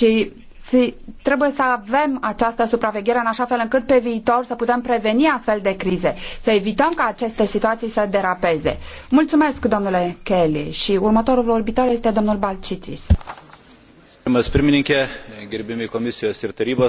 Și trebuie să avem această supraveghere în așa fel încât pe viitor să putem preveni astfel de crize, să evităm ca aceste situații să derapeze. Mulțumesc, domnule Kelly. Și următorul vorbitor este domnul Balcitis. Gerbiami Komisijos ir tarybos